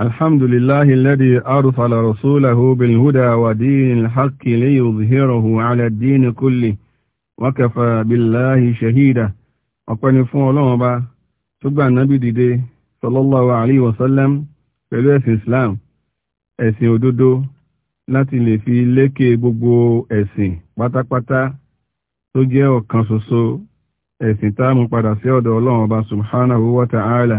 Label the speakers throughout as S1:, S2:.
S1: الحمد لله الذي أرسل رسوله بالهدى ودين الحق ليظهره على الدين كله وكفى بالله شهيدا أقول فون الله با تبع النبي ديدي صلى الله عليه وسلم pẹ̀lú ẹ̀sìn Islam ẹ̀sìn òdodo láti lè fi lékè gbogbo ẹ̀sìn pátápátá tó jẹ́ ọ̀kan ṣoṣo ẹ̀sìn tá mú padà sí ọ̀dọ̀ Ọlọ́run ọba subhanahu wa ta'ala ala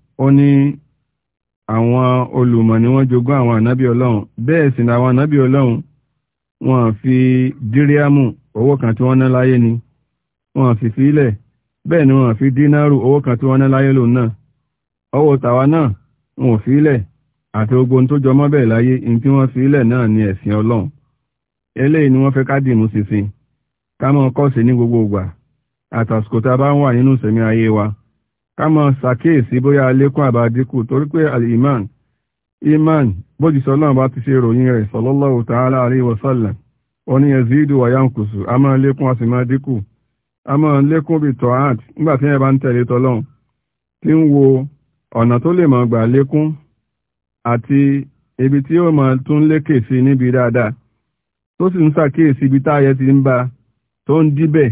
S1: ó ní àwọn olùmọ̀ ni wọ́n jogún àwọn ànábì ọlọ́run bẹ́ẹ̀ sì ni àwọn ànábì ọlọ́run wọ́n fi díríàmù owó kan tí wọ́n ná láyé ni wọ́n fi sílẹ̀ bẹ́ẹ̀ ni wọ́n fi dínárù owó kan tí wọ́n ná láyé lòun náà owó tàwa náà wọn fílẹ̀ àti ogun tó jọmọ́ bẹ́ẹ̀ láyé in tí wọ́n fílẹ̀ náà ni ẹ̀sìn ọlọ́run eléyìí ni wọ́n fẹ́ ká dìmú ṣinṣin ká mọ́ kọ́sì ní gbogbo ìgbà àtàsìkò tá a bá ń wà nínú ìṣẹ̀mí ayé wa ká máa ṣàkíyèsí bóyá alékún àbádínkù torí pé al-iman iman náà bá ti ṣe ròyìn rẹ̀ sallallahu ta'ala alayhi wa sallam ó ní yazidu wa yankusu a máa lékún a sì máa dínkù a máa lékún bí tọ́hát nígbà tí ẹ bá ń tẹ̀lé tí ń wo ọ̀nà tó lè gbà lékún ibi tí ó lékè sí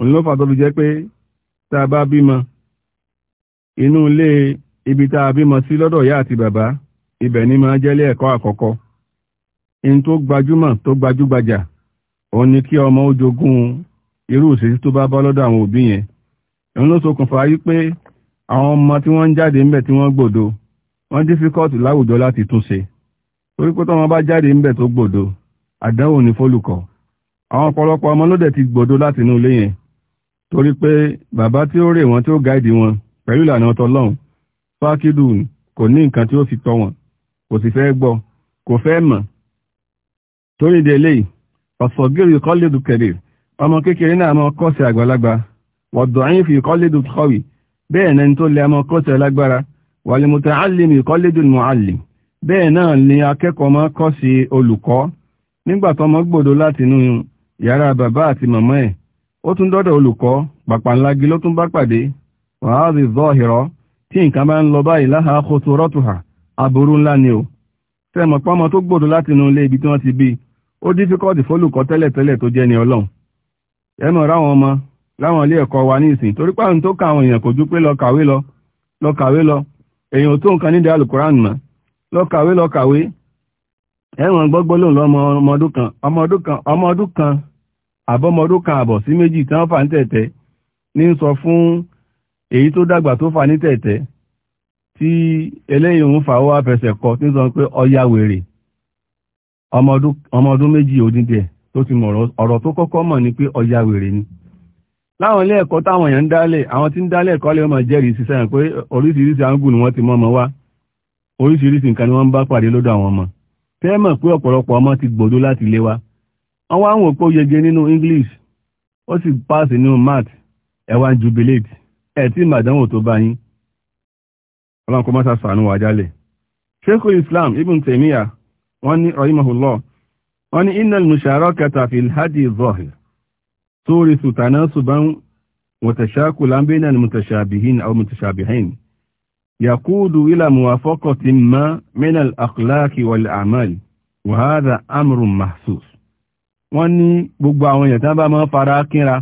S1: òun ló fà tó fi jẹ́ pé tá a bá bímọ inú ilé ibi tá a bímọ sí lọ́dọ̀ ìyá àti bàbá ibẹ̀ ni máa jẹ́lé ẹ̀kọ́ àkọ́kọ́ in tó gbajúmọ̀ tó gbajúgbajà òun ni kí ọmọ ó jogún irú òṣèṣì tó bá bá lọ́dọ̀ àwọn òbí yẹn òun ló ṣokùnfà yí pé àwọn ọmọ tí wọ́n ń jáde ńbẹ̀ tí wọ́n gbòdo wọ́n dífíkọ́ọ̀tì láwùjọ láti túnṣe torí pé tọ́mọ bá jáde ńbẹ̀ tó gbòdo àdánwò ní fólùkọ́ àwọn ọ̀pọ̀lọpọ̀ ọmọ ló dẹ̀ ti gbòdo látinú ilé yẹn torí pé bàbá tí ó rè wọn tí ó gáìdì wọn pẹ̀lú ìlànà ọtọlọ́run fákídùn kò ní nǹkan tí ó fi tọ́ wọn kò sì fẹ́ gbọ́ kò fẹ́ mọ̀ torí ìdí eléyìí ọ̀sọ̀gírì kọ́lédù kẹ̀lé ọmọ kékeré náà mọ kọ́sẹ̀ àgbàlagbà wọ̀dọ̀yìn fi kọ́lédù kọ́wì bẹ́ẹ̀ náà tó lẹ ọmọ kọ́sẹ̀ lágbára wàlìmùtà alìmì kọ́lédù mọ̀álìm bẹ́ẹ̀ náà ni akẹ́kọ̀ọ́ mọ́ kọ́sẹ̀ olùkọ́ nígbà tọmọ gbọ́dọ̀ látinú yàrá bàbá àti màmá ẹ̀ ó tún dọ́dọ̀ olùkọ́ pàpàǹlagi ló tún bá pàdé wàhálì zọ́ọ̀hìrọ́ tí nǹkan bá ń lọ báyìí láha kóso rọ́tùhà aburú ńlá ni o sẹ́mọ̀ pọ́mọ tó gbòdó láti inú ilé ibi tí wọ́n ti bí ó dífíkọ́ọ̀tì fólùkọ́ tẹ́lẹ̀tẹ́lẹ̀ tó jẹ́ ni ọlọ́run ẹmọ̀ ráwọn ọmọ láwọn ilé ẹ̀kọ́ wa ní ìsìn torí páàrùn tó ka àwọn èèyàn kò ju pé lọ kàwé lọ lọ kàwé lọ èèyàn tó nǹkan nídìí alukoran mọ́ lọ kàwé lọ kàwé ẹ̀wọ̀n gbọ́gbọ́ lòun lọ́mọ ọmọ ọdún kan ọmọ ọdún kan àbọ́mọdún kan àbọ̀ sí méjì tí wọ́n fà ní tẹ̀tẹ̀ ní ń sọ fún èyí tó dàgbà tó fà ní tẹ̀tẹ̀ tí eléyìí ń fà ó wá fẹsẹ̀ kọ tí ń sọ pé ọya wèrè ọmọ ọdún méjì òdíndẹ̀ tó ti mọ̀ ọ̀rọ̀ tó kọ́kọ́ mọ̀ ni pé ọya wèrè ni láwọn ilé ẹ̀kọ́ táwọn èèyàn ń dálẹ̀ àwọn tí ń dálẹ̀ ẹ̀kọ́ lè máa jẹ́rìí sí sẹ́yìn pé oríṣiríṣi àǹgù ni wọ́n ti mọ́ ọmọ wá oríṣiríṣi nǹkan ni wọ́n ń bá pàdé lọ́dọ̀ àwọn ọmọ tẹ́ mọ̀ pé ọ̀pọ̀lọpọ̀ ọmọ ti gbòdó láti lé wa wọ́n wá ń wò pé ó yege nínú English ó sì pass nínú math ẹ̀wà jubilate ẹ̀ tí màdánwò tó bá yín ọlọ́run kó mọ́sá sànú wà jálẹ̀ sheikul Islam Ibn Taymiyyah wọ́n ní rahimahullah wọ́n ní innal musharakata fil hadi zahir turithu tanasuban mutashakulan bayna al-mutashabihin aw mutashabihain yakudu ila muwafaqatin ma min akhlaqi wal a'mal wa hadha amrun mahsus wọ́n ní gbogbo àwọn èèyàn tán bá mọ́ fara kínra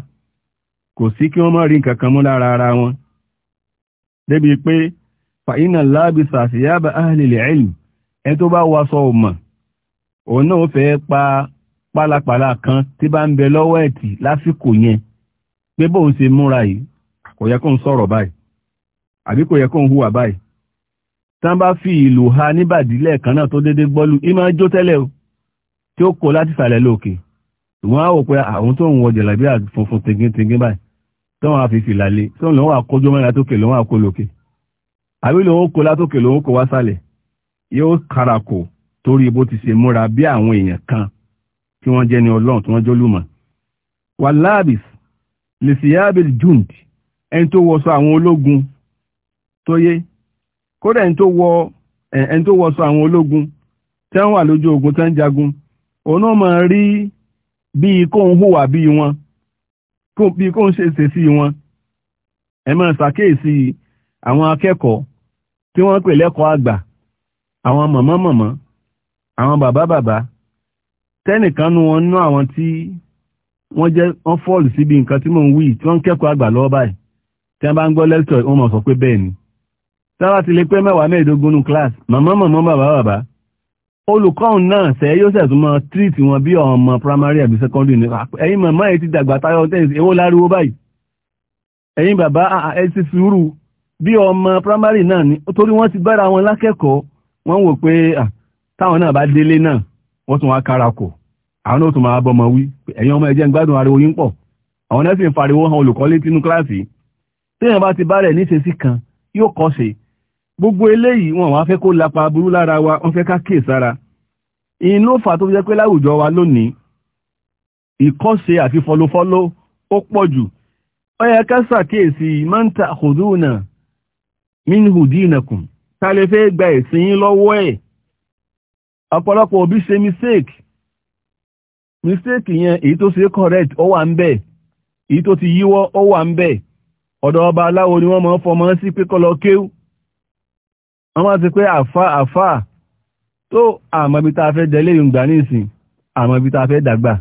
S1: kò sí kí wọ́n mọ́ rí nǹkankan mú lára ara wọn débi pé fàínà lábìsà sí yába áhìlì ẹ tó bá waṣọ ọmọ òun náà fẹ́ pa pálapàla kan tí bá ń bẹ lọ́wọ́ ẹ̀tì lásìkò yẹn pé bóun ṣe múra yìí kò yẹ kó ń sọ̀rọ̀ báyìí àbí kò yẹ kó ń hùwà báyìí tán bá fi ìlú ha níbàdí lẹ́ẹ̀kan náà tó dédé gbọ́lù ìmọ̀ jó tẹ́lẹ̀ o tí ó kó láti sàlẹ̀ lókè wọ́n á wò pé àwọn tó ń wọ jẹ̀lábí funfun tegintengin báyìí tó wọ́n á fi fìlà lé tó lọ́wọ́ àkójọ mẹ́rin látòkè lọ́wọ́ àkó lókè àbí lòun kó látòkè lòun kó wá sálẹ̀ yóò karakò torí bó ti ṣe múra bí àwọn èèyàn kan tí wọ́n jẹ́ ni ọlọ́run tí wọ́n jólùmọ̀ wà láàbìs lè sì yáàbìs jùnd ẹni tó wọṣọ àwọn ológun tó yé kódà ẹni tó wọṣọ àwọn ológun tẹ́ wọ́n ogun tẹ́ bíi kó ń hùwà bíi wọn bíi kó ń ṣe ìṣesí wọn ẹ máa ṣàkíyèsí àwọn akẹ́kọ̀ọ́ tí wọ́n pè lẹ́kọ̀ọ́ àgbà àwọn mọ̀mọ́ mọ̀mọ́ àwọn bàbá bàbá tẹ́nìkan nu wọn nú àwọn tí wọ́n jẹ́ wọ́n fọ́ọ̀lù síbi nǹkan tí mò ń wí tí wọ́n ń kẹ́kọ̀ọ́ àgbà lọ́wọ́ báyìí tí wọ́n bá ń gbọ́ lẹ́kítọ̀ wọ́n mọ̀ sọ pé bẹ́ẹ̀ ni sábà ti lè pé mẹ́wàá mẹ́ẹ̀ẹ́dógún nù kíláàsì mọ̀mọ́ bàbá bàbá olùkọ́hùn náà sẹ́ yóò sẹ̀ tún mọ́ tírìtì wọn bí ọmọ primary àbí secondary ní ẹ̀yin màmá ẹ̀ ti dàgbà tayọ tẹ́sí ewó láriwo báyìí ẹ̀yin bàbá ẹ ti sùúrù bí ọmọ primary náà ni torí wọ́n ti bára wọn lákẹ́kọ̀ọ́ wọ́n wò pé táwọn náà bá délé náà wọ́n tún wá kárakò àwọn náà tún máa bọ́mọ wí ẹ̀yin ọmọ ẹ̀jẹ̀ ń gbádùn ariwo yín pọ̀ àwọn náà fariwo han olùkọ́ létí kíláàsì téèyàn bá ti bá rẹ̀ níṣe sí kan yóò kọ́ sí gbogbo eléyìí wọn wá fẹ́ kó lapa burú lára wa wọ́n fẹ́ ká kíè sára inú fà tó jẹ́ pé láwùjọ wa lónìí ìkọ́ṣe àti fọlofọ́ló ó pọ̀ jù ó yẹ ká ṣàkíyèsí mọ́ńtà hùdúnà minhudinakum ta lè fẹ́ gba ẹ̀sìn yín lọ́wọ́ ẹ̀ ọ̀pọ̀lọpọ̀ òbí ṣe mistake mistake yẹn èyí tó ṣe correct ó wà ń bẹ̀ èyí tó ti yíwọ́ ó wà ń bẹ̀ ọ̀dọ̀ ọba aláwo ni wọ́n máa ń fọmọ sí pé kó lọ wọ́n máa ti pé àfá àfá tó àmọ́bí ta fẹ́ jẹ léyìn gbà ní ìsìn àmọ́bí fẹ́ dàgbà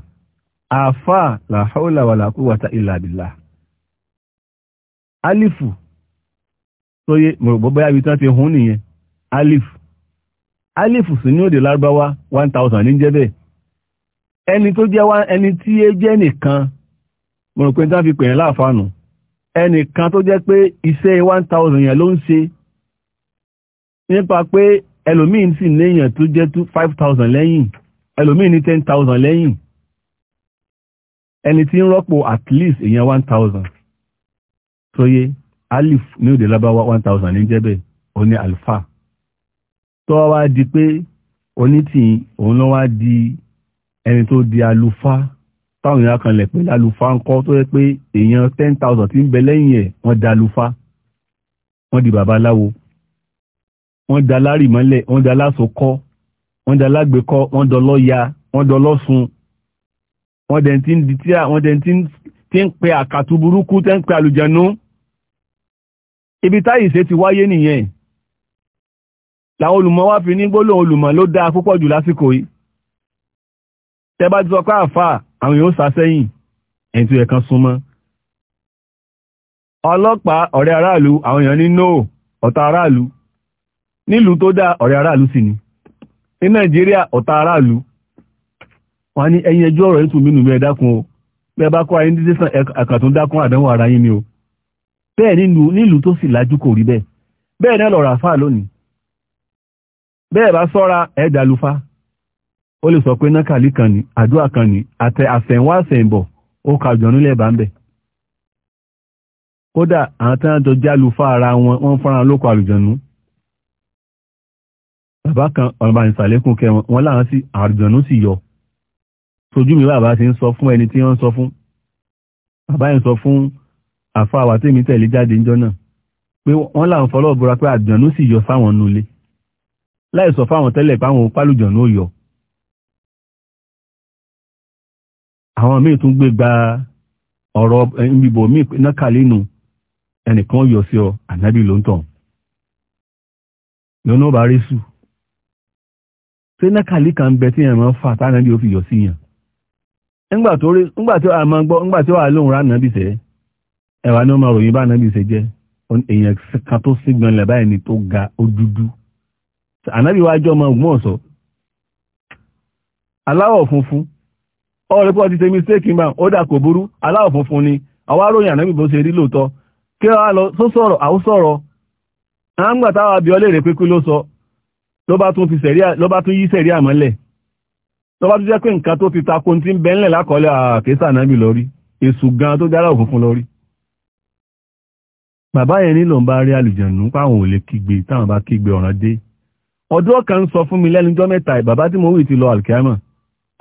S1: àfá la hawla wala billah alifu tó yé mọ̀rọ̀gbọ́ báyá ibi tí wọ́n ti hún nìyẹn alif alif sí ní òdè lárúbáwá 1000 ní jẹ́ bẹ́ẹ̀ ẹni tó jẹ́ wá ẹni tí é jẹ́ nìkan mọ̀rọ̀pẹ́ tí fi pè nípa pé ẹlòmíín sì léèyàn tó jẹ́ tó five thousand lẹ́yìn ẹlòmíín ní ten thousand lẹ́yìn ẹni tí ń rọ́pò at least èèyàn one thousand tóyé alif ní òde lábáwá one thousand ní jẹ́ bẹ́ẹ̀ ó ní alfa tó wá di pé onítìyìn òun ló di ẹni tó di alufa táwọn èèyàn kan lẹ̀ pé lálùfá ń kọ́ tó yẹ pé èèyàn ten thousand tí ń bẹ lẹ́yìn ẹ̀ wọ́n da alufa wọ́n di babaláwo wọ́n da lárì mọ́lẹ̀ wọ́n da lásokọ́ wọ́n da lágbèkọ́ wọ́n dọ lọ́ya wọ́n dọ lọ́sùn wọ́n dẹ̀ tí ń di tí wọ́n dẹ̀ tí ń pe àkàtú burúkú tẹ́ ń pe àlùjànnú ibi táyì ṣe ti wáyé nìyẹn làwọn olùmọ̀ wá fi ní gbólóhùn olùmọ̀ ló dáa púpọ̀ jù lásìkò yìí tẹ́ bá ti sọ pé àfáà àwọn yóò sá sẹ́yìn tó yẹ kan súnmọ́ ọlọ́pàá ọ̀rẹ́ aráàlú àwọn èèyàn ní nóò ọ̀tá aráàlú nílùú tó dá ọ̀rẹ́ aráàlú sí ni ní nàìjíríà ọ̀tá aráàlú wọ́n ní ẹyin ẹjọ́ ọ̀rọ̀ ètò mínú bẹ́ẹ̀ dákun o bẹ́ẹ̀ bá kọ́ ayé ní sísan ẹ̀kà tó ń dákun ni o bẹ́ẹ̀ nílùú tó sì kò rí bẹ́ẹ̀ bẹ́ẹ̀ náà lónìí bẹ́ẹ̀ bá sọ́ra lufa ó lè sọ pé nákàlí kan ní àdúrà kan ní àtẹ ka kódà àwọn tí ara wọn wọ́n fọ́nra lóko bàbá kan ọ̀nàbà ìsàlékún kẹwọn wọn láwọn sí àrùjọ̀nú sì yọ sojú mi bàbá ti ń sọ fún ẹni tí wọ́n ń sọ fún bàbá yẹn sọ fún àfa àwà tèmi tẹ̀lé jáde níjọ́ náà pé wọ́n láwọn fọlọ́ bọ́ra pé àrùjọ̀nú sì yọ sáwọn nulẹ̀ láì sọ fáwọn tẹ́lẹ̀ páwọn pálùjọ̀nú ò yọ. àwọn míì tún gbé gba ọ̀rọ̀ ìbìbò eh, míì nákàlínú ẹnìkan yọ sí ọ ànábì ló ń tàn ṣé nákàlí kan bẹ tí ẹ̀rọ fà tánà bí ó fi yọ sí yàn ńgbà tó rí ńgbà a máa gbọ́ ńgbà wà ránà bí sẹ́ ẹ̀wà ni ó máa ròyìn bá náà bí sẹ́ jẹ́ èèyàn kan tó sígbọn lẹ̀ báyìí ni tó ga ó dúdú ọmọ ọ̀sọ́ aláwọ̀ funfun pọ̀ ti ṣe mistake ma dà kò burú funfun ni àwa ròyìn bó ṣe rí lóòótọ́ kí wọ́n á lọ àwọn sọ ló bá tún yí sẹ̀rí àmọ́lẹ̀ tó bá tún jẹ́ pé nǹkan tó ti tako tí ń bẹ́ńlẹ̀ lákọọ́lẹ̀ àkẹ́sà náàbì lórí èṣù gan tó dára òfúnfún lórí bàbá yẹn nílò ń bá rí àlùjànnú páwọn ò lè kígbe táwọn bá kígbe ọ̀ràn dé ọ̀dọ́ kan sọ fún mi lẹ́nujọ́ mẹ́ta bàbá tí mo wì ti lọ àlùkìámà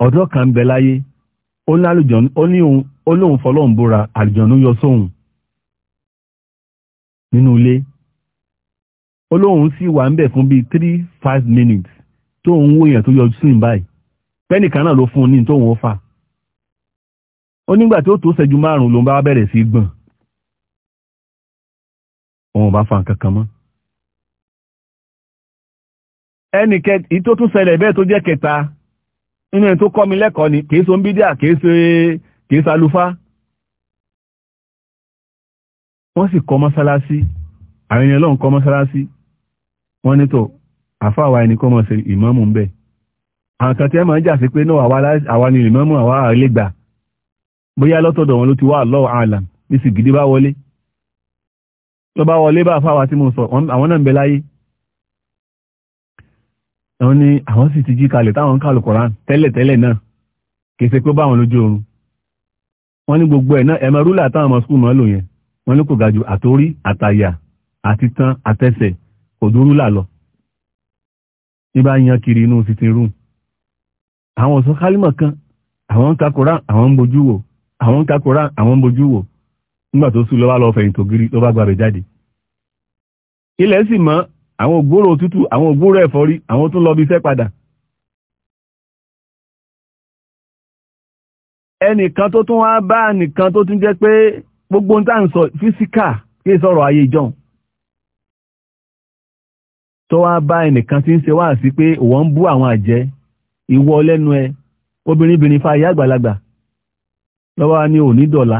S1: ọ̀dọ́ kan ń bẹ láyé ó ní àlùjànnú ó ní òun olóhùn olóhùn sì wà ń bẹ̀ fún bíi three five minutes tó ń wó èèyàn tó yọjú sí báyìí pẹ́nìkan náà ló fún un ní tóun ó fà ó nígbà tí ó tó ṣẹ́jú márùn-ún ló ń bá bẹ̀rẹ̀ sí gbọ̀n òun ò bá fa nǹkan kan mọ́ ẹnì kẹtì tó tún ṣẹlẹ̀ bẹ́ẹ̀ tó jẹ́ kẹta nínú ẹni tó kọ́ mi lẹ́kọ̀ọ́ ni kìí so ń bídíà kìí ṣe kìí ṣàlùfáà wọ́n sì kọ́ mọ́sálásí àwọn ènìyàn lọ́hùn kọ́ mọ́sálásí wọ́n ní tọ̀ àfáàwà ẹni kọ́ mọ̀ sí ìmámù ń bẹ̀ àwọn kan tí ẹ máa ń jà sí pé náà àwa ni ìmámù àwa àlè gbà bóyá lọ́tọ̀dọ̀ wọn ló ti wá lọ́wọ́ àlà ní sì gidi bá wọlé tó bá wọlé bá àfáàwà tí mo sọ àwọn náà ń bẹ láyé àwọn ni àwọn sì ti jí kalẹ̀ táwọn ń kàlù Kùránì tẹ́lẹ̀tẹ́lẹ̀ náà kì í ṣe pé báwọn lójú oorun wọ́n ní gbogbo ẹ̀ náà ẹ̀mọ táwọn ọmọ skul mọ́ lò yẹn wọ́n ní kò gàjù àtórí àtàyà àti tán àtẹsẹ̀ kò dúró là lọ ní bá yan kiri inú sitting room àwọn ọ̀sán kálímọ̀ kan àwọn ń ka Kùránì àwọn ń bojú wò àwọn ń ka Kùránì àwọn ń bojú wò nígbà tó sùn ló bá lọ fẹ̀yìntò gírí ló bá gbàbẹ̀ jáde ilẹ̀ sì mọ́ àwọn ògbóró òtútù àwọn ògbóró ẹ̀fọ́rí àwọn tún lọ iṣẹ́ padà ẹnìkan tó tún wá bá nìkan tó tún jẹ́ pé gbogbo ń tà ń sọ físíkà kí sọ̀rọ̀ ayé ìjọ́un tó wá bá ẹnìkan tí ń ṣe wá sí pé òwò ń bú àwọn àjẹ́ ìwọ lẹ́nu ẹ obìnrin bìnrin fa ìyá àgbàlagbà lọ́wọ́ ni òní dọ̀la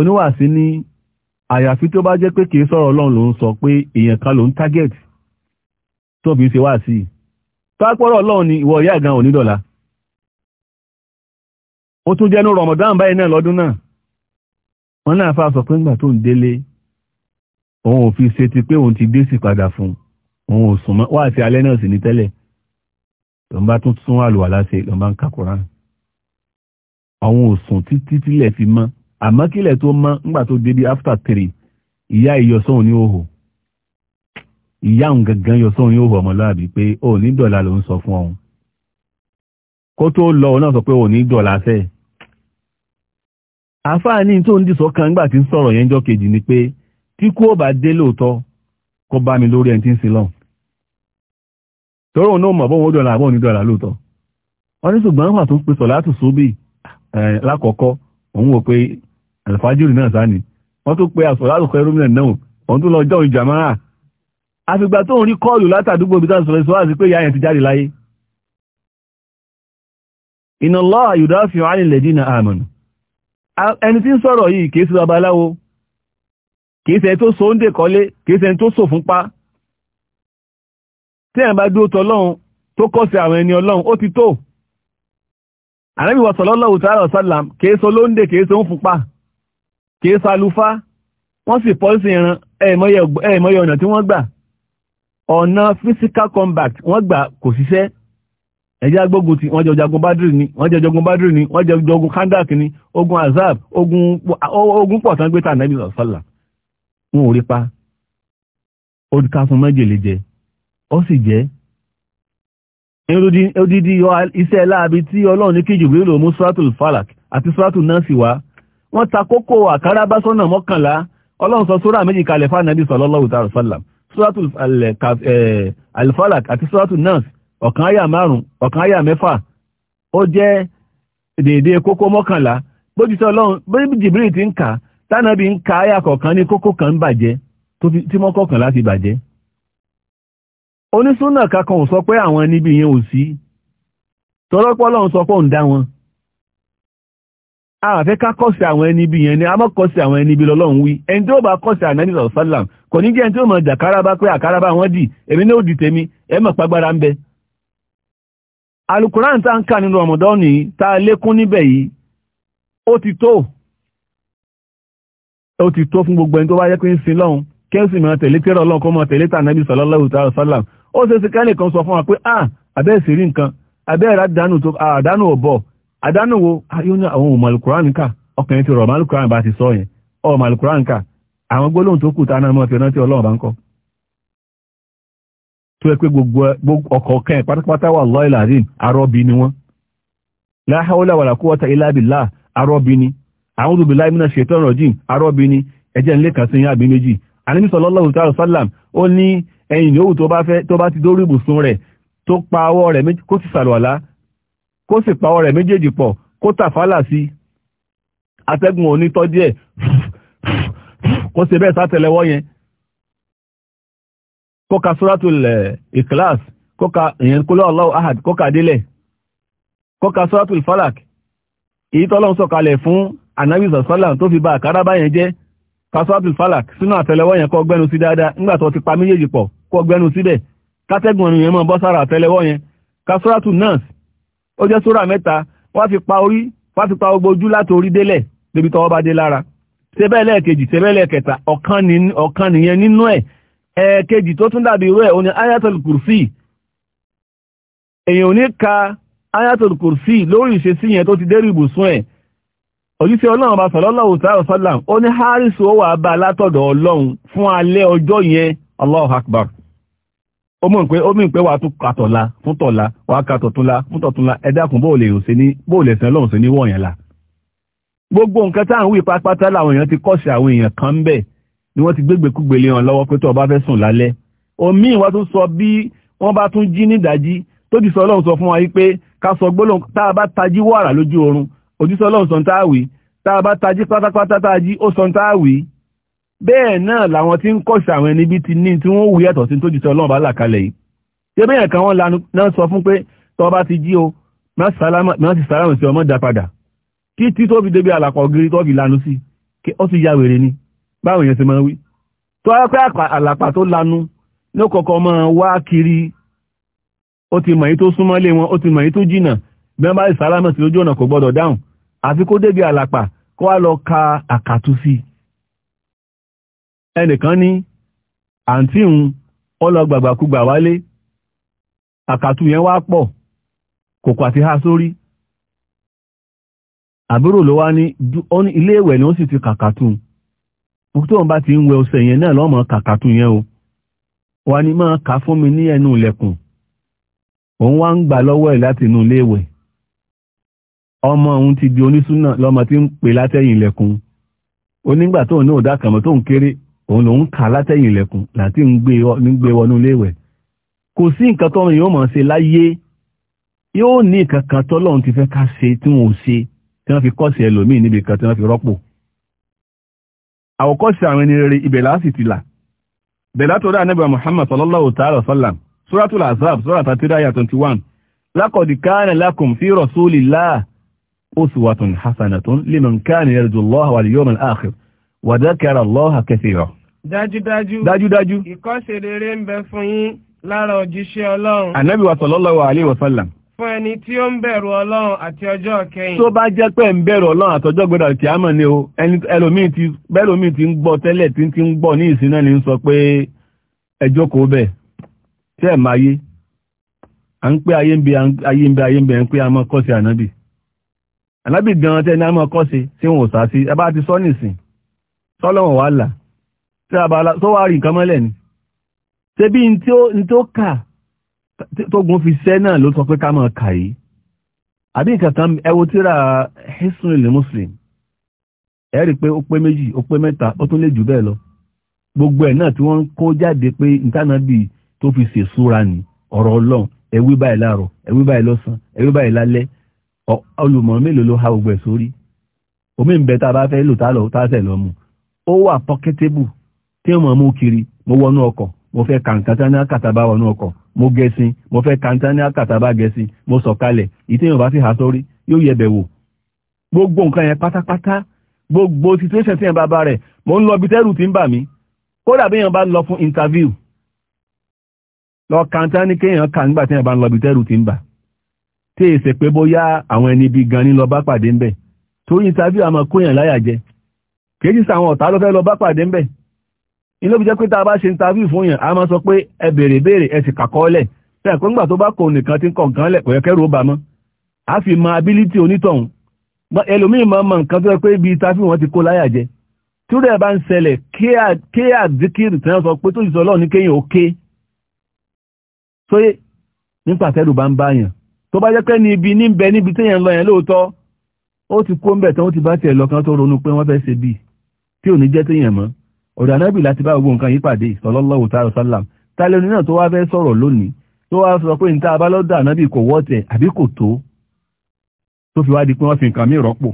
S1: oníwàásí ní àyàfi tó bá jẹ́ pé kìí sọ̀rọ̀ ọlọ́run ló ń sọ pé èèyàn kan ló ń target tó fi ń ṣe wá sí i pápọ́rọ̀ ọlọ́run ni ìwọ ìyá àgàn òní dọ̀la ó tún jẹ́nu Ramadan báyìí náà lọ́dún náà wọ́n náà fà sọ pé ńgbà tó ń délé òun ò fi ṣe ti pé òun ti dé sí padà fún òun ò sùn mọ́ wá àti alẹ́ náà sì ní tẹ́lẹ̀ ló ń bá tún tún àlùwà láṣẹ ló ń bá ń ka koran àwọn ò sùn títí tílẹ̀ fi mọ́ àmọ́ kílẹ̀ tó mọ́ ńgbà tó débi after three ìyá ìyọsọ́hùn ní òhò ìyá òun gangan yọsọ́hùn ní òhò ọmọláàbí pé ò ní dọ̀la ló ń sọ fún ọ̀hún kó tó lọ ọ náà sọ pé ò ní dọ̀la sẹ́ẹ̀ àfáàní tó ń dìsọ́ kan ńgbà tí ń sọ̀rọ̀ yẹn jọ́ kejì ni pé tí kú ọba dé lóòótọ́ kó bá mi lórí ẹni tí ń sin lọ́hùn tọ́rọ òun náà mọ̀ bọ́n ó dọ̀là àbọ̀ ní dọ̀là lóòótọ́ wọ́n ní ṣùgbọ́n wà tó ń pe sọ̀látù sóbì lákọ̀ọ́kọ́ òun wò pé àlùfájìrì náà sáni wọ́n tó pe àsọ̀látù kọ́ irúmìnà náà òun tó lọ jọ ìjà máa àfìgbà tó ń rí kọ́ọ̀lù látàdúgbò bí táṣọ sọ àti pé ìyá yẹn ti jáde láyé inna Allah yudafi 'anil ladina amanu ẹni tí ń sọ̀rọ̀ yìí kìí sí babaláwo kìí ṣe tó so ń dè kọ́lé kìí ṣe tó so fún pa tí ẹ̀ bá dúró tọ́lọ́run tó kọ́sẹ̀ àwọn ẹni ọlọ́run ó ti tó ànábì wa sallallahu ta'ala wa sallam kìí so ló ń dè kìí so ń fún pa kìí so alufa wọ́n sì pọ́lísì ìran ẹ̀ẹ̀mọ́yẹ ọ̀nà tí wọ́n gbà ọ̀nà physical combat wọ́n gbà kò ṣiṣẹ́ ẹ̀já gbógun ti wọ́n jẹ́ jagun bádìrì ni wọ́n jẹ́ jagun bádìrì ni wọ́n jẹ́ jagun kandak ni ogun azab ogun pọ̀ tán gbé tà ànábì wa sallam wọn ò rí pa ó ká fún májèlé jẹ ó sì jẹ́ odidi iṣẹ́ láabi tí ọlọ́run ní kíjì gbé lòmú suratul falak àti suratul nasi wá wọ́n ta kókó àkàrà bá sọ́nà mọ́kànlá ọlọ́run sọ sórà méjì kalẹ̀ fánàbí sallallahu ta'ala sallam suratul eh, eh, alfalak àti suratul nasi ọ̀kan àyà márùn ọ̀kan àyà mẹ́fà ó jẹ́ dèédé kókó mọ́kànlá bójútó ọlọ́run bójú jìbìrì ti ń kà tánàbí ń ka àyà kọ̀ọ̀kan ní kókó kan bàjẹ́ tí mọ́ kọ̀ọ̀kan láti bàjẹ́ onísúnà kankan ò sọ pé àwọn níbi yẹn ò sí tọ́lọ́pọ́ lọ́n sọ pé òun wọn a fẹ́ ká kọ́sì àwọn ẹni bí yẹn ni a mọ́ kọ́sì àwọn ẹni bí lọ́lọ́run wí ẹni tí ó bá kọ́sì ànábì sọ̀sálàm kò ní jẹ́ ẹni tí ó mọ̀ jàkárabá pé wọn dì èmi ní ó tèmi ẹ mọ̀ ń ó ti tó fún gbogbo ẹni tó bá yẹ pé ń sin lọ́hun kí ó sì máa tẹ̀lé tẹ́rọ ọlọ́run kó máa tẹ̀lé tànàbí sallallahu ta'ala sallam ó ṣe sí kẹ́lẹ̀ kan sọ fún wa pé ah abẹ́ ìsírí nǹkan abẹ́ ìrà ah, àdánù ọ̀bọ̀ àdánù wo ayọ́nà ah, àwọn ọkùnrin ti rọ̀ bá ti sọ yẹn àwọn gbólóhùn tó kù tá náà rántí ọlọ́run bá ń kọ́ tó yẹ pé àwọn olùbìlá ìmúna ṣètọ́ ọ̀rọ̀ jim arọ́bìnrin ẹjẹ́ ńlẹ́ kan sí yín àbí méjì àníbi sallallahu ta'ala sallam ó ní ẹ̀yìn yòówù tó bá ti dórí ibùsùn rẹ̀ tó pa ọwọ́ rẹ̀ méjì kó sì sàlùwàlá kó sì pa ọwọ́ rẹ̀ méjèèjì pọ̀ kó tàfálà sí atẹ́gùn onítọ́ díẹ̀ kó ṣe bẹ́ẹ̀ sátẹlẹwọ́ yẹn kó ka suratul eh, ikhlas kó ka ìyẹn kó lọ́wọ́ Allahu ahad kó ka délẹ̀ kó ka suratul falak èyí tọ́lọ́run sọ̀kalẹ̀ fún ànábì sọ̀sọ́là tó fi ba àkàrà báyẹn jẹ́ kasawatul falak sínú àtẹ́lẹwọ́ yẹn kó gbẹ́nu sí dáadáa nígbà tó ti pa méjèèjì pọ̀ kó gbẹ́nu síbẹ̀ kátẹ́gùn ọ̀nìyàn mọ́ bọ́ sára àtẹ́lẹwọ́ yẹn kasuratu nas ó jẹ́ sóra mẹ́ta wá fi pa orí wá fi pa gbogbo ojú láti orí délẹ̀ débi tọwọ́ bá dé lára sebẹ́lẹ̀ kejì sebẹ́lẹ̀ kẹta ọ̀kan nìyẹn nínú ẹ̀ ẹ̀ẹ̀kejì tó tún dàbí irú ẹ̀ ó ní èèyàn ò ní ka ayatul kursi lórí ìṣesí yẹn tó ti dérìbù sún ẹ̀ òjíṣẹ́ ọlọ́run bá sallallahu ta'ala sallam ó ní harisu ó wà bá látọ̀dọ̀ ọlọ́run fún alẹ́ ọjọ́ yẹn Allahu akbar ó mọ̀ pé ó mì pé wà á tún kàtọ̀la fún tọ̀la wà á kàtọ̀túnla fún tọ̀túnla ẹ dákun sí ní wọ̀nyẹn la gbogbo nǹkan tá à ni wọ́n ti gbégbé kúgbélé hàn lọ́wọ́ pé omi ìwà tó sọ bí wọ́n bá tún jí nídàájí tó ti sọ ọlọ́run sọ fún wa òjíṣẹ́ ọlọ́run sọ táàwì tá a bá tají pátápátá tají ó sọ táàwì bẹ́ẹ̀ náà làwọn tí ń kọ̀ṣà àwọn ẹni bí ti ní tí wọ́n wù yàtọ̀ sí tó jíṣẹ́ ọlọ́run bá là kalẹ̀ yìí ṣé bẹ́ẹ̀ kan wọ́n náà sọ fún pé tọ́ bá ti jí o má sì sálámù sí ọmọ dá padà kí tí tó fi débi àlàpọ̀ ògiri tó fi lanu sí kí ó sì ya wèrè ni báwo yẹn ṣe máa wí tó wá pé àlàpà tó lanu ló kọ̀ọ̀kan máa wá kiri ó ti mọ̀ yìí tó súnmọ́ lé wọn ó ti mọ̀ yìí tó jìnà bí wọ́n bá sì sálámù sí lójú ọ̀nà kò gbọ́dọ̀ dáhùn àfi kó débi àlàpà kó wá lọ ka àkàtú sí ẹnìkan ní àǹtí òun ó lọ gbàgbàkúgbà wálé àkàtú yẹn wá pọ̀ kòkò àti há sórí àbúrò ló wá ní ilé ìwẹ̀ ni ó sì ti kàkàtú tóun bá ti ń wẹ ọṣẹ yẹn náà lọ́mọ kàkàtú yẹn o wà ní máa kà fún mi ní ẹnu ilẹ̀kùn òun wá ń gbà lọ́wọ́ ẹ̀ láti inú ilé ìwẹ̀ ọmọ òun ti di onísúnà lọ́mọ tí ń pè látẹ̀yìn ilẹ̀kùn onígbà tóun náà dá kàmọ́ tóun kéré òun lòun kà látẹ̀yìn ilẹ̀kùn láti ń gbé wọnú léwẹ̀ kò sí nǹkan tọ́mọ yóò mọ̀ ṣe láyé yóò ní nǹkan kan tọ́lọ́run ti fẹ́ ká ṣe tí wọn ṣe tí wọ́n fi kọ́sì ẹlòmíì níbi kan tí wọ́n fi rọ́pò àwòkọ́sì àwọn ẹni rere ibẹ̀ láti ti là bẹ̀lá tó dá anábìá Muhammad sallallahu ta'ala sallam suratul azab surat atira ya 21 laqad kana lakum fi rasulillah أسوة حسنة لمن كان يرجو الله واليوم الآخر وذكر الله كثيرا wa sallallahu alaihi fún
S2: ẹni tí ó ń bẹ̀rù ọlọ́run àti ọjọ́ kẹyìn tó
S1: bá jẹ́ pé ń bẹ̀rù ọlọ́run àtọjọ́ gbọ́dọ̀ kí á mọ̀ ní o ẹni ẹlòmíì ti bẹ́lòmíì ti ń gbọ́ tẹ́lẹ̀ tí ti ń gbọ́ ní ìsìn náà ni pé ẹ jókòó bẹ̀ ẹ̀ máa ànábì gan tẹ́ ní àmọ́ kọ́ sí tí wọn ò sá sí ẹbá ti sọ nìsìn sọ́lọ́wọ̀n wà là tí a bá tó wà rí nǹkan mọ́lẹ̀ ni ṣe bí n tó kà tógun fi sẹ́ náà ló sọ pé ká máa kà yìí àbí nǹkan ẹwo tíra hisunil muslim ẹ rí i pé ó pé méjì ó pé mẹ́ta ó tún lè jù bẹ́ẹ̀ lọ gbogbo ẹ̀ náà tí wọ́n kó jáde pé ntànàbì tó fi ṣèṣúra olùmọ̀ mélòó ló ha gbogbo ẹ̀ sórí omi ń bẹ tá a bá fẹ́ lò tá lọ mu ó wà pọ́kẹ́tébù tí mo mú kiri mo wọnú ọkọ̀ mo fẹ́ kàǹtàntà ní àkàtàbá wọnú ọkọ̀ mo gẹṣin mo fẹ́ kàǹtàntà ní àkàtàbá gẹṣin mo sọ̀kalẹ̀ ìtẹ́yìn bá fi hà sórí yóò yẹ bẹ̀ wò gbogbo nǹkan yẹn pátápátá gbogbo situation tí yẹn bá rẹ̀ mo ń lọ bí tẹ́rù ti ń bà mí kódà bí yẹn bá lọ fún interview lọ kàǹtà ní kéèyàn kà nígbà tí yẹn bá ń lọ bí tẹ́rù ti ń bà tí èsè pé bóyá àwọn ẹni bí gan ní lọ bá pàdé ń bẹ̀ torí interview àmọ́ kóyàn láyà jẹ kéjì sàwọn ọ̀tá ló fẹ́ lọ bá pàdé ń bẹ̀ inú bí jẹ́ pé tá bá ṣe interview fún yàn a máa sọ pé ẹ béèrè béèrè ẹ sì kàkọ́ọ́lẹ̀ fẹ́ẹ̀ pé ńgbà tó bá kò nìkan ti ń kọ̀ nǹkan lẹ̀ kò yẹ mọ́ a fi mọ ability onítọ̀hún ẹlòmíì máa mọ nǹkan tó yẹ pé ibi interview wọn ti kó láyà jẹ tí ó dẹ̀ bá ń ṣẹlẹ̀ kí àdíkìrì tí wọ́n sọ pé tó nípa tẹ́rù bá ń báyàn tó bá jẹ́ pé ní ibi ní bẹ níbi téèyàn lọ yẹn lóòótọ́ ó ti kó ń bẹ̀ tán ó ti bá tiẹ̀ lọ́kàn tó ronú pé wọ́n fẹ́ ṣe bí tí ò ní jẹ́ téèyàn mọ́ ọ̀dọ̀ anábì láti bá gbogbo nǹkan yí pàdé sallallahu ta'ala sallam tálẹ́ oní náà tó wá fẹ́ sọ̀rọ̀ lónìí tó wá sọ pé níta abálọ́dọ̀ anábì kò wọ́tẹ̀ àbí kò tó tó fi wá di pé wọ́n fi nǹkan míì rọ́pò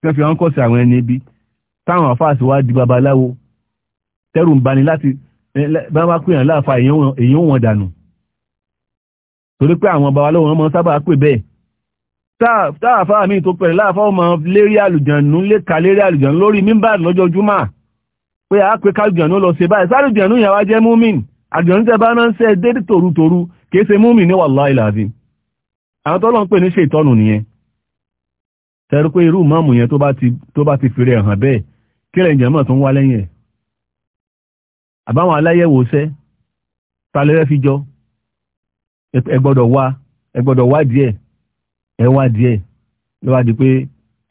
S1: tí wọ́n fi wọ́n kọ̀ sí àwọn ẹni ibi táwọn àfáàsì wá di babaláwo tẹ́rù ń bani láti bá wá pè hàn láàfa èèyàn wọn dànù torí pé àwọn bàbá lọ́wọ́ ọmọ sábà pè bẹ́ẹ̀ táàfáà mi tó pẹ̀lú láàfá ọmọ lérí àlùjànú léka lérí àlùjànú lórí mímbà lọ́jọ́ júmà pé a pé kálùjànú lọ ṣe báyìí sálùjànú yàwá jẹ́ múmin àlùjànú tẹ bá náà ń ṣe dédé tòrútòrú kìí ṣe múmin ní wàláhì láàzím àwọn tọ́lọ̀ ń pè ní ṣètọ́nù nìyẹn tẹ́rù pé irú mọ́ọ̀mù yẹn tó bá ti fèrè hàn bẹ́ẹ̀ kí lẹ́yìn jẹ́mọ̀ tó ń wá lẹ́yìn ẹ̀ àbáwọn aláyẹ̀wò ṣẹ́ talẹ́rẹ́ fi jọ ẹ wa wá ẹ gbọ́dọ̀ wá díẹ̀ ẹ wá díẹ̀ ló pé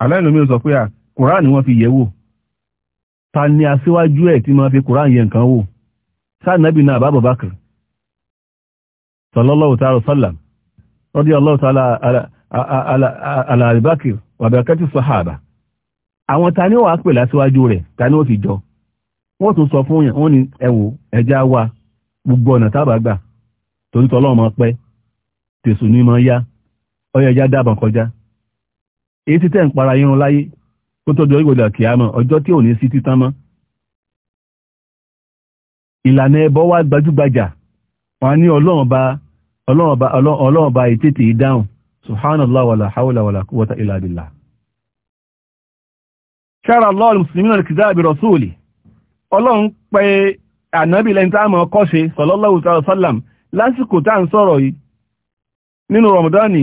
S1: aláìlómi sọ pé à kùránì wọ́n fi yẹ̀ ta ni aṣíwájú ẹ̀ tí ma fi kùránì yẹ̀ nǹkan wò sáànàbì náà bá bàbákì sallallahu ta'ala sallam ala awọn ta ni wọ́n tún sọ fún ẹja wa gbogbo ọ̀nà tábàgbà torí tọ́lọ́ mọ́ pẹ́ tèṣù ní mọ́ yá ọyọ ẹja dábọ̀n kọjá èyí tí tẹ́ ń para irun láyé kó tọ́jú ìgbòdà kìámọ̀ ọjọ́ tí ò ní sí títán mọ́ ìlànà ẹbọ wá gbajúgbajà wọ́n ní ọlọ́ọ̀ba ọlọ́ọ̀ba ọlọ́ọ̀ba ìtètè ìdáhùn subhanallah wàlà haúlà wàlà kúwọ́ta ìlàdìlà ṣára lọ́ọ̀lù mùsùlùmí náà kìí dáàbì rọ̀súùlì ọlọ́run pé ànábì lásìkò tá à ń sọ̀rọ̀ yìí nínú rọ̀mọ̀dánì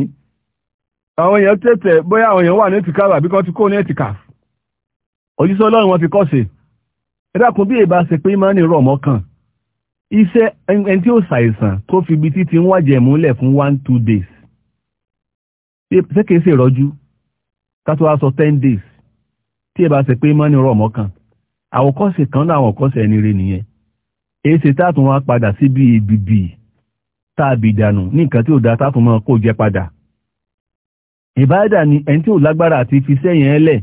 S1: àwọn èèyàn tètè bóyá àwọn èèyàn wà ní ètìkáàfù àbí kan ti kó ní ètìkáàfù òjíṣẹ́ ọlọ́run wọn ti kọ́sẹ̀ ẹ dákun bí èèbá ṣe pé ìmánì rọ̀ mọ́kàn iṣẹ́ ẹni tí ó ṣàìsàn tó fi ibi títí ń wájẹ̀ múlẹ̀ fún one two days ṣé kìí ṣe ìrọ́jú ká tó wá sọ ten days tí èèbá ṣe pé ìmánì rọ̀ mọ́kàn àwòkọ́ṣe kan náà àwòkọ́ṣe ẹni rẹ nìyẹn èyí ṣe táàtún wá padà síbi ìbìbì tàbí ìdànù ní nǹkan tí ó dá sáfún mọ́ kó jẹ padà ìbáàdà ni ẹni tí ò lágbára àti fi sẹ́yìn ẹlẹ̀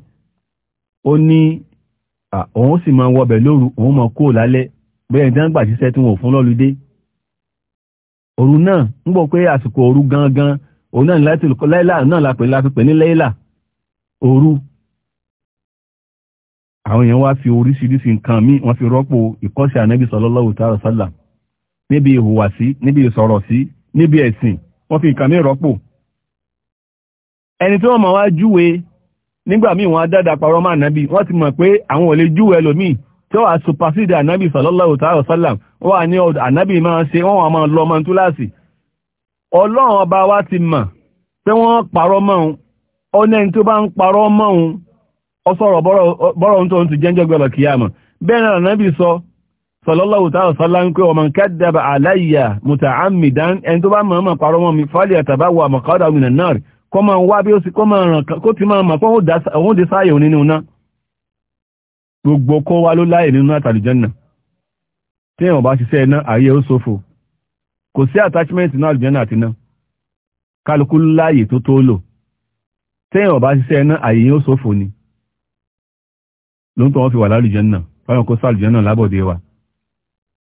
S1: ó ní òun sì máa wọbẹ̀ lóru òun máa kó lálẹ́ bẹ́ẹ̀ dán gbà síṣẹ́ tí wọn ò fún lọ́ludé òru náà ń gbọ́ pé àsìkò òru gangan òun náà láti láìlà náà la pè láti pè ní láìlà òru àwọn èèyàn wá fi oríṣiríṣi nǹkan míì wọ́n fi rọ́pò ìkọ́ṣẹ́ ànábì sallallahu ta'ala sallam níbi ìhùwàsí níbi ìsọ̀rọ̀ sí níbi ẹ̀sìn wọ́n fi nǹkan mí rọ́pò ẹni tí wọ́n mọ̀ wá júwe nígbà míì wọ́n dáadáa parọ́ mọ́ ànábì wọ́n ti mọ̀ pé àwọn ò lè júwe ẹlòmíì tí wọ́n á supersede ànábì sallallahu ta'ala sallam wọ́n wà ní ànábì máa ṣe wọ́n wà máa lọ ọmọ túláàsì ọlọ́run ọba wa ti mọ̀ pé wọ́n parọ́ mọ́ òun ọ̀nẹ́ni tó bá ń parọ́ mọ́ òun ọsọ̀rọ̀ bọ́rọ̀ ohun sọlọ́lọ́wù táwọn sọlá ń pé ọmọ kẹ́dẹ̀bà aláìyà mùtàámìdán ẹni tó bá mọ̀ ọmọ parọ́ mọ́ mi fọ́lì àtàbáwò àmọ̀kọ́dà òmìnà náà kọ́ máa wá bí ó sì kọ́ máa ràn kó ti máa mọ̀ pé òun dé sáyẹ̀ nínú náà gbogbo kó wá ló láyè nínú àtàlùjẹ́nà tí èèyàn bá ṣiṣẹ́ iná ayé ó ṣòfò kò sí attachment náà àlùjẹ́nà àti iná kálukú láyè tó tó lò tí èèyàn bá ṣiṣẹ́ iná ayé ó ṣòfò ni lóńtọ́ wọn fi wà lálùjẹ́nà fáwọn kó sálùjẹ́nà lábọ̀dé wa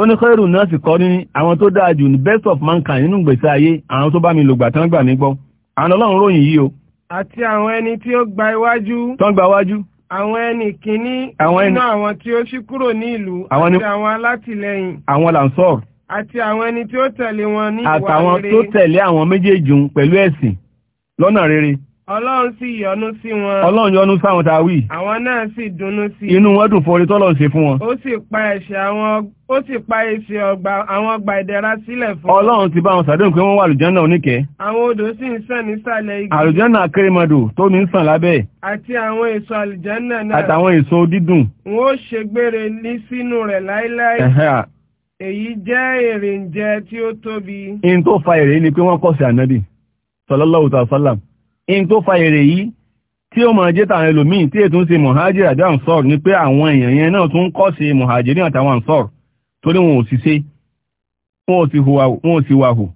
S1: tó ní kọ́rù náà sì kọ́ ní àwọn tó dáa jù ní best of mankind nínú gbèsè ayé àwọn tó bá mi lògbà tán gbà mí gbọ́ àwọn ọlọ́run ròyìn yìí o.
S2: àti àwọn ẹni tí ó gba iwájú. tán gba iwájú. àwọn ẹni kìíní nínú àwọn tí ó ṣí kúrò ní ìlú àti àwọn alátìlẹyìn.
S1: àwọn lansor.
S2: àti àwọn ẹni tí ó tẹ̀lé wọn ní ìwà rere. àtàwọn tó
S1: tẹ̀lé àwọn méjèèjì pẹ̀lú ẹ̀sìn lọ́nà rere
S2: ọlọ́run sì yọ́nú sí wọn. ọlọ́run
S1: yọ́nú sáwọn tá a wí.
S2: àwọn náà sì dunnú sí. inú wọn
S1: dùn fún orí tọ́lọ́run ṣe fún wọn.
S2: ó sì pa ẹ̀ṣẹ̀ àwọn ó sì pa ẹ̀ṣẹ̀ ọgbà àwọn ọgbà ìdẹ̀ra sílẹ̀ fún.
S1: ọlọ́run ti bá wọn ṣàdéhùn pé wọ́n wà àlùjànnà oníkẹ́.
S2: àwọn odò sì ń sàn nísàlẹ̀ igi.
S1: àlùjànnà akérèmọdò tó ní sàn lábẹ́.
S2: àti àwọn èso àlùjànnà náà. àtàwọn
S1: èso dídùn.
S2: wọn ó ṣègbére ní sínú rẹ̀ láíláí. èyí jẹ́ èrè ǹjẹ́ tí ó tóbi.
S1: in tó fa èrè ni pé wọ́n kọ̀ sí ànábì sallallahu ta'ala sallam in tó fa èrè yìí tí ó mọ̀ jẹ́ tàwọn ẹlòmíì tí ètò ń ṣe mọ̀hájì àjọ àǹsọ̀r ni pé àwọn èèyàn yẹn náà tún kọ́ ṣe mọ̀hájì ní àtàwọn àǹsọ̀r torí wọn ò sì ṣe wọn ò sì wà hù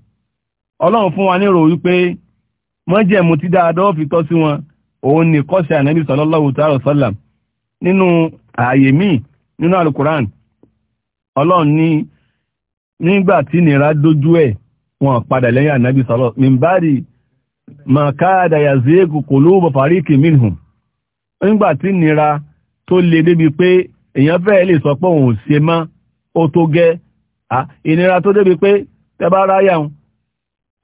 S1: ọlọ́run fún wa nírò wípé mọ́jẹ̀mú tí dáadọ́ fi tọ́ sí wọn òun ni kọ́ ṣe ànábì sallallahu ta'ala sallam nínú ààyè míì nínú alukuran ọlọ́run ní nígbà tí nira dójú ẹ̀ wọn padà lẹ́yìn ànábì sallallahu min ba'di ma káàdà yàzíégù kò lóòbò fàríkì minhum nígbà tí nira tó le débi pé èèyàn fẹ́ lè sọ pé òun ò ṣe mọ́ ó tó gẹ́ ìnira tó débi pé tẹbá ráyà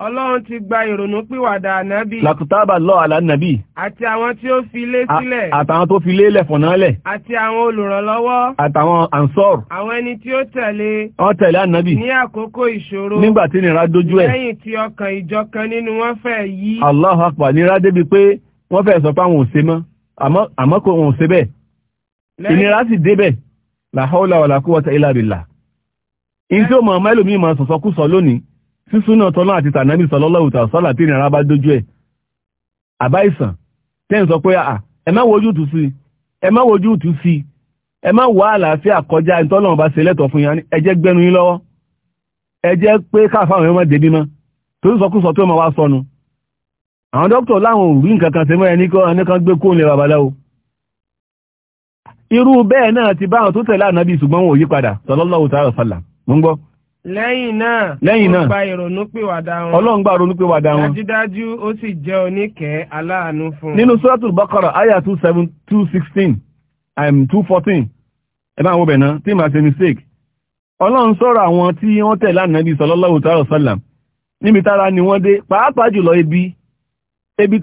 S2: Ọlọ́run ti gba ìrònú pìwàdà ànábì.
S1: Làkùtàbà lọ àlànàbì.
S2: Àti àwọn tí ó fi lé sílẹ̀.
S1: Àtàwọn tó fi lé lẹ̀fọ̀nálẹ̀.
S2: Àti àwọn olùrànlọ́wọ́.
S1: Àtàwọn ansọ́r.
S2: Àwọn ẹni tí ó tẹ̀lé.
S1: Wọ́n tẹ̀lé ànábì. Ní
S2: àkókò ìṣòro. Nígbà tí
S1: nira dojú ẹ̀. Lẹ́yìn
S2: tí ọkàn ìjọ kan nínú wọn fẹ́ yí.
S1: Allah akbar nira débi pé wọ́n fẹ́ sọ pé àwọn ò ṣe mọ́. Àmọ́ kò wọn ò ṣe bẹ́ẹ̀. Ìnira sì débẹ̀. La hawla wala quwwata illa billah. Ìjọ́ mọ̀ mẹ́lòmíì máa sọ̀sọ́kú sọ lónìí sísúnà tọ́lá àti tànàbí sọlọ́lọ́wù tàṣọ́là tí ìrìnàrà bá dójú ẹ̀ àbá ìsàn tẹ́ ń sọ pé à ẹ má wojú tù sí ẹ má wojú tù sí ẹ má wá àlàáfíà kọjá ìtọ́lọ́wọ̀n bá ṣe lẹ́tọ̀ fún yín ẹ jẹ́ gbẹ́nu yín lọ́wọ́ ẹ jẹ́ pé káfáwọn ẹ̀wọ̀n débi mọ́ torí sọkúsọ tó máa wá sọnù àwọn dókítà láwọn ò rí nǹkan kan ṣe
S2: lẹ́yìn náà lẹ́yìn náà ó gba ìrònúpìwàdà wọn ọlọ́run gba
S1: ìrònúpìwàdà wọn
S2: dájúdájú ó sì jẹ́ oníkẹ́ aláàánú fún nínú
S1: suratul baqara aya two seven two sixteen and um, two fourteen ẹ bá àwọn ọbẹ̀ náà tí màá ṣe mistake ọlọ́run sọ̀rọ̀ àwọn tí wọ́n tẹ̀ lánàá bíi sallallahu ta'ala sallam níbi tára ni wọ́n dé pàápàá jùlọ ebi ebi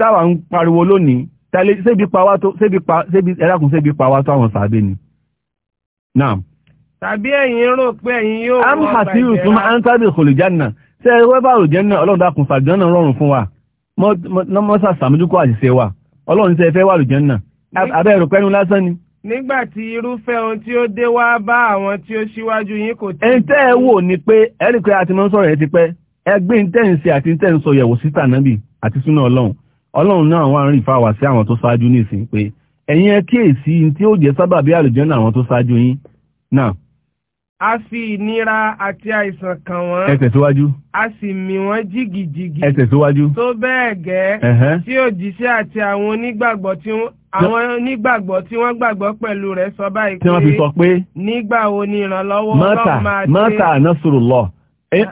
S1: táwa ń pariwo lónìí tàlẹ́ sébi pa wá tó sébi ẹ̀rákùn sébi pa wá tó àwọn sàbẹ̀ ni. naam
S2: tàbí ẹ̀yin rò pé
S1: ẹ̀yin yóò wọ́n bàjẹ́. amhasi rusum antabi kòlìjánà ṣe ẹwẹ́ bá òjẹ́nà ọlọ́run dákun fàjọ́nà rọrùn fún wa mọ́sà sàmójúkọ àṣìṣe wa ọlọ́run ṣe fẹ́ wà òjẹ́nà abẹ́ rò pẹ́nu lásán ni.
S2: nígbà tí irúfẹ́ ohun tí ó dé wá bá àwọn tí ó ṣíwájú yín kò tí.
S1: ẹni tẹ́ ẹ wò ni pé ẹni pé a ti máa ń sọ̀rọ̀ ẹ ti pẹ́ ẹgbẹ́ ntẹ́ǹsì àti ntẹ́ǹsọ yẹ̀wò síta nábì àti súnà ọlọ́run ọlọ́run náà wà ń rìn fáwà sí àwọn tó ṣáájú nísìnyí pé ẹ̀yin ẹ kíyèsí tí ó jẹ́ sábàbí àlùjànnà àwọn tó ṣáájú yín náà
S2: a fi ìnira àti àìsàn kàn wọ́n. ẹ tẹ̀síwájú. a sì mì wọ́n jìgìjìgì. ẹ tẹ̀síwájú. tó bẹ́ẹ̀ gẹ́. tí òjíṣẹ́ àti àwọn onígbàgbọ́ tí àwọn onígbàgbọ́ tí wọ́n gbàgbọ́ pẹ̀lú rẹ̀ sọ báyìí pé. tí wọ́n fi sọ pé. nígbà wo ni ìrànlọ́wọ́ ọlọ́run máa dé. mọ́tà
S1: nasurullah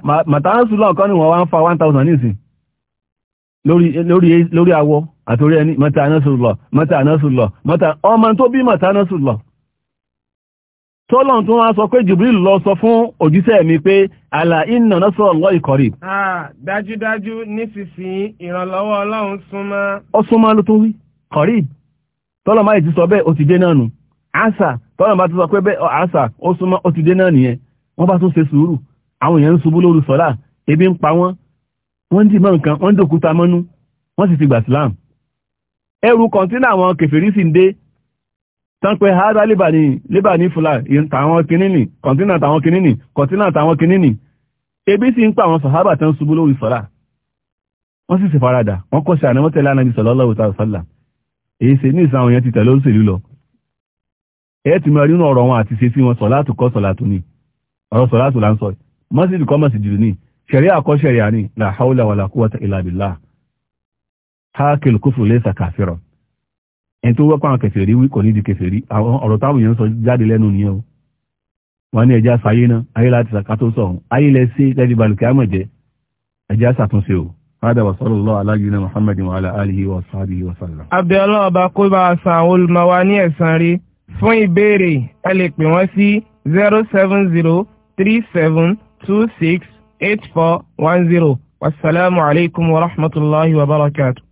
S1: màtà nasurullah kan ni wọ́n wá ń fa one thousand nísìn lórí awọ àtòrí ẹni mọ́tà nasurullah mọ́tà nasurullah mọ́tà ọmọ tó bí mọ́tà nasurullah tọ́lọ̀n tó wọ́n sọ pé Jibril lọ sọ fún òjíṣẹ́ mi pé àlà inna nasrullahi qarib.
S2: dájúdájú nísinsìnyí ìrànlọ́wọ́ ọlọ́run súnmọ́.
S1: ó súnmọ́ ló tó wí qarib tọ́lọ̀ máa ti sọ bẹ́ẹ̀ ó ti dé náà nù àṣà tọ́lọ̀ máa ti sọ pé bẹ́ẹ̀ àṣà ó súnmọ́ ó ti dé náà nìyẹn wọ́n bá tún ṣe sùúrù àwọn èèyàn ń ṣubú lóru sọ́lá ebi ń pa wọ́n wọ́n dì mọ́ nǹkan wọ́n tán pé hádá lébàní lébàní fúlà tàwọn kìnnìnì kọ̀ntínà tàwọn kìnnìnì kọ̀ntínà tàwọn kìnnìnì ebi sì ń pa àwọn sàhábà tán ṣubú lórí sọ́lá wọ́n sì sì faradà wọ́n kọ́ sí ànáwọ́ tẹ̀lé ànábi sallallahu ta'ala sọ́lá èyí ṣe ní ìsàn àwọn èèyàn ti tẹ̀lé òṣèlú lọ ẹ ti mọ rínú ọ̀rọ̀ wọn àti ṣe sí wọn sọ̀látù kọ́ sọ̀látù ni ọ̀rọ̀ billah hákìlù kúfù laysa kàfíràn ẹni tó wọ́pọ̀ àwọn kèfèrí wí kò ní di kèfèrí àwọn ọ̀rọ̀ táwọn èèyàn sọ jáde lẹ́nu nìyẹn o wọ́n ní ẹja sáyé náà ayé láti sàkátó sọ̀hún ayé lẹ sí lẹ́dí balùkẹ́ àmọ̀jẹ́ ẹja ṣàtúnṣe o Fádà wa sallallahu ala nabiyyina Muhammadin wa ala alihi wa sahbihi wa sallam.
S2: Abdullah ọba kó bá a san olùmọ̀ wa ní ẹ̀san rí. Fún ìbéèrè, ẹ lè pè wọ́n sí 07037268410. Wassalamu alaikum wa rahmatullahi wa barakatuh.